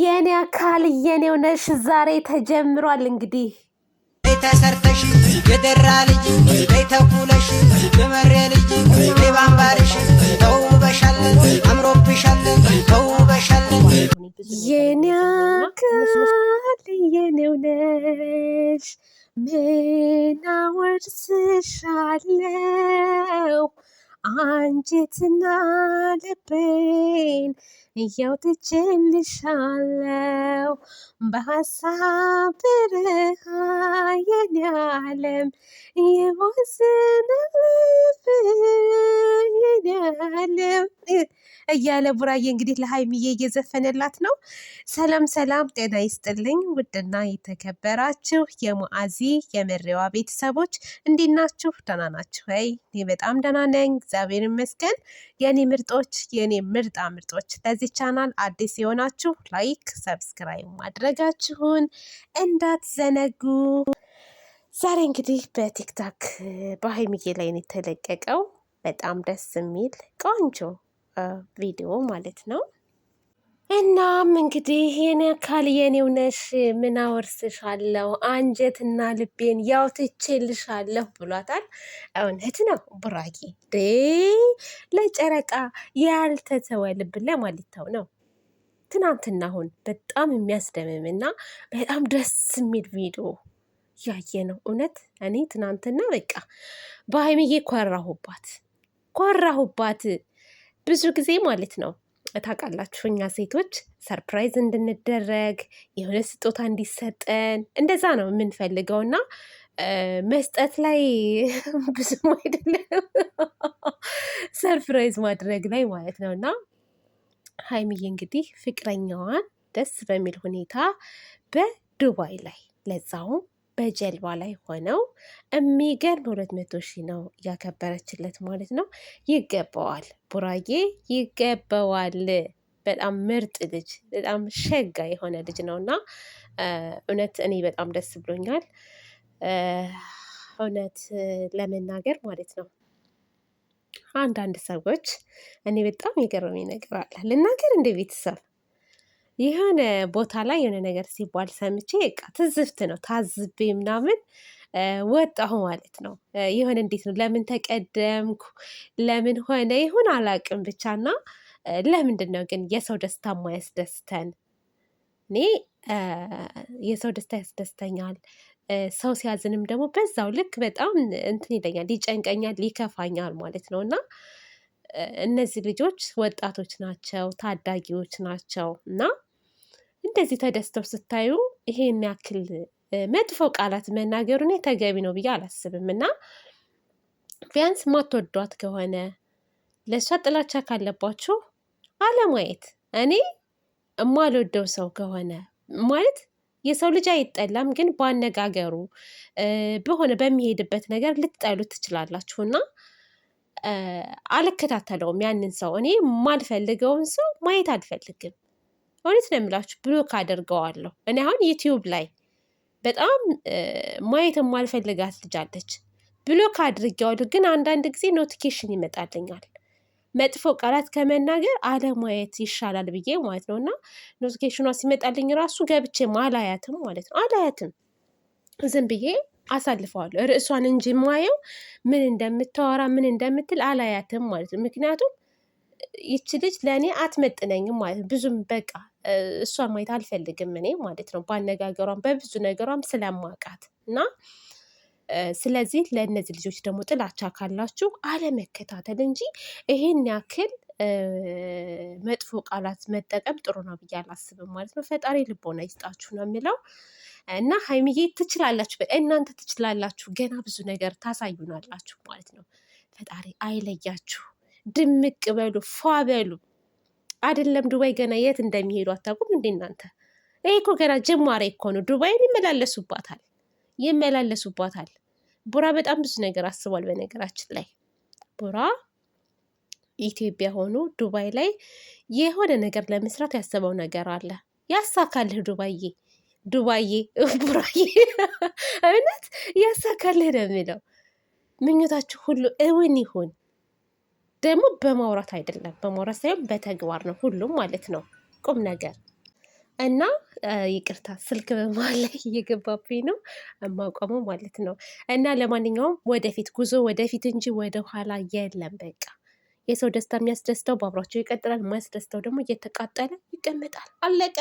የኔ አካል የኔው ነሽ ዛሬ ተጀምሯል። እንግዲህ ተሰርተሽ የደራ ልጅ ቤተኩለሽ በመሬ ልጅ ሌባንባርሽ ተውበሻል፣ አምሮብሻለን፣ ተውበሻለን። የኔ አካል የኔው ነሽ ምን anjitnal pain yot chel shalau basa per hayalam ye vasna lefin እያለ ቡራዬ እንግዲህ ለሀይሚዬ እየዘፈነላት ነው። ሰላም ሰላም፣ ጤና ይስጥልኝ ውድና የተከበራችሁ የሙአዚ የመሪዋ ቤተሰቦች እንዴት ናችሁ? ደህና ናችሁ ወይ? እኔ በጣም ደህና ነኝ፣ እግዚአብሔር ይመስገን። የኔ ምርጦች፣ የኔ ምርጣ ምርጦች፣ ለዚህ ቻናል አዲስ የሆናችሁ ላይክ፣ ሰብስክራይብ ማድረጋችሁን እንዳትዘነጉ። ዛሬ እንግዲህ በቲክታክ በሀይሚዬ ላይ ነው የተለቀቀው በጣም ደስ የሚል ቆንጆ ቪዲዮ ማለት ነው። እናም እንግዲህ የኔ አካል የኔው ነሽ ምን አወርስሻለሁ አንጀትና ልቤን ያው ትቼልሻለሁ ብሏታል። እውነት ነው ቡራጌ ዴ ለጨረቃ ያልተተወ ልብ ለማሊታው ነው። ትናንትና አሁን በጣም የሚያስደምምና በጣም ደስ የሚል ቪዲዮ ያየ ነው። እውነት እኔ ትናንትና በቃ በሀይሚዬ ኮራሁባት ኮራሁባት። ብዙ ጊዜ ማለት ነው ታውቃላችሁ እኛ ሴቶች ሰርፕራይዝ እንድንደረግ የሆነ ስጦታ እንዲሰጠን እንደዛ ነው የምንፈልገው እና መስጠት ላይ ብዙም አይደለም ሰርፕራይዝ ማድረግ ላይ ማለት ነው እና ሀይሚዬ እንግዲህ ፍቅረኛዋን ደስ በሚል ሁኔታ በዱባይ ላይ ለዛውም በጀልባ ላይ ሆነው የሚገርም ሁለት መቶ ሺህ ነው ያከበረችለት ማለት ነው። ይገባዋል፣ ቡራዬ ይገባዋል። በጣም ምርጥ ልጅ በጣም ሸጋ የሆነ ልጅ ነው እና እውነት እኔ በጣም ደስ ብሎኛል። እውነት ለመናገር ማለት ነው አንዳንድ ሰዎች እኔ በጣም የገረመኝ ነገር አለ ልናገር እንደ ቤተሰብ የሆነ ቦታ ላይ የሆነ ነገር ሲባል ሰምቼ በቃ ትዝብት ነው ታዝቤ ምናምን ወጣሁ ማለት ነው። የሆነ እንዴት ነው ለምን ተቀደምኩ ለምን ሆነ ይሁን አላውቅም ብቻና ለምንድን ነው ግን የሰው ደስታ ማያስደስተን? እኔ የሰው ደስታ ያስደስተኛል። ሰው ሲያዝንም ደግሞ በዛው ልክ በጣም እንትን ይለኛል፣ ይጨንቀኛል፣ ሊከፋኛል ማለት ነው እና እነዚህ ልጆች ወጣቶች ናቸው፣ ታዳጊዎች ናቸው እና እንደዚህ ተደስተው ስታዩ ይሄን ያክል መጥፎ ቃላት መናገሩ እኔ ተገቢ ነው ብዬ አላስብም። እና ቢያንስ ማትወዷት ከሆነ ለእሷ ጥላቻ ካለባችሁ አለማየት። እኔ እማልወደው ሰው ከሆነ ማለት የሰው ልጅ አይጠላም፣ ግን በአነጋገሩ በሆነ በሚሄድበት ነገር ልትጠሉ እና አልከታተለውም። ያንን ሰው እኔ የማልፈልገውን ሰው ማየት አልፈልግም። እውነት ነው የምላችሁ ብሎክ አደርገዋለሁ። እኔ አሁን ዩቲዩብ ላይ በጣም ማየት የማልፈልጋት ልጅ አለች፣ ብሎክ አድርጌዋለሁ። ግን አንዳንድ ጊዜ ኖቲኬሽን ይመጣልኛል መጥፎ ቃላት ከመናገር አለማየት ይሻላል ብዬ ማለት ነው። እና ኖቲኬሽኗ ሲመጣልኝ ራሱ ገብቼ አላያትም ማለት ነው። አላያትም ዝም ብዬ አሳልፈዋለሁ። ርዕሷን እንጂ ማየው ምን እንደምታወራ ምን እንደምትል አላያትም ማለት ነው። ምክንያቱም ይች ልጅ ለእኔ አትመጥነኝም ማለት ነው። ብዙም በቃ እሷን ማየት አልፈልግም እኔ ማለት ነው። በአነጋገሯም በብዙ ነገሯም ስለማውቃት እና ስለዚህ ለእነዚህ ልጆች ደግሞ ጥላቻ ካላችሁ አለመከታተል እንጂ ይሄን ያክል መጥፎ ቃላት መጠቀም ጥሩ ነው ብዬ አላስብም ማለት ነው። ፈጣሪ ልቦና ይስጣችሁ ነው የሚለው እና ሀይሚዬ ትችላላችሁ፣ እናንተ ትችላላችሁ። ገና ብዙ ነገር ታሳዩናላችሁ ማለት ነው። ፈጣሪ አይለያችሁ፣ ድምቅ በሉ፣ ፏ በሉ። አይደለም ዱባይ ገና የት እንደሚሄዱ አታውቁም እንዴ እናንተ? ይሄ እኮ ገና ጅማሬ እኮ ነው። ዱባይን ይመላለሱባታል ይመላለሱባታል። ቡራ በጣም ብዙ ነገር አስቧል። በነገራችን ላይ ቡራ ኢትዮጵያ ሆኖ ዱባይ ላይ የሆነ ነገር ለመስራት ያሰበው ነገር አለ። ያሳካልህ ዱባዬ፣ ዱባዬ፣ ቡራዬ እውነት ያሳካልህ ነው የሚለው ምኞታችሁ ሁሉ እውን ይሁን። ደግሞ በማውራት አይደለም፣ በማውራት ሳይሆን በተግባር ነው ሁሉም ማለት ነው ቁም ነገር እና ይቅርታ ስልክ በመሀል ላይ እየገባብኝ ነው የማቆመው ማለት ነው። እና ለማንኛውም ወደፊት ጉዞ ወደፊት እንጂ ወደኋላ የለም። በቃ የሰው ደስታ የሚያስደስተው በአብሯቸው ይቀጥላል፣ የማያስደስተው ደግሞ እየተቃጠለ ይቀመጣል። አለቀ።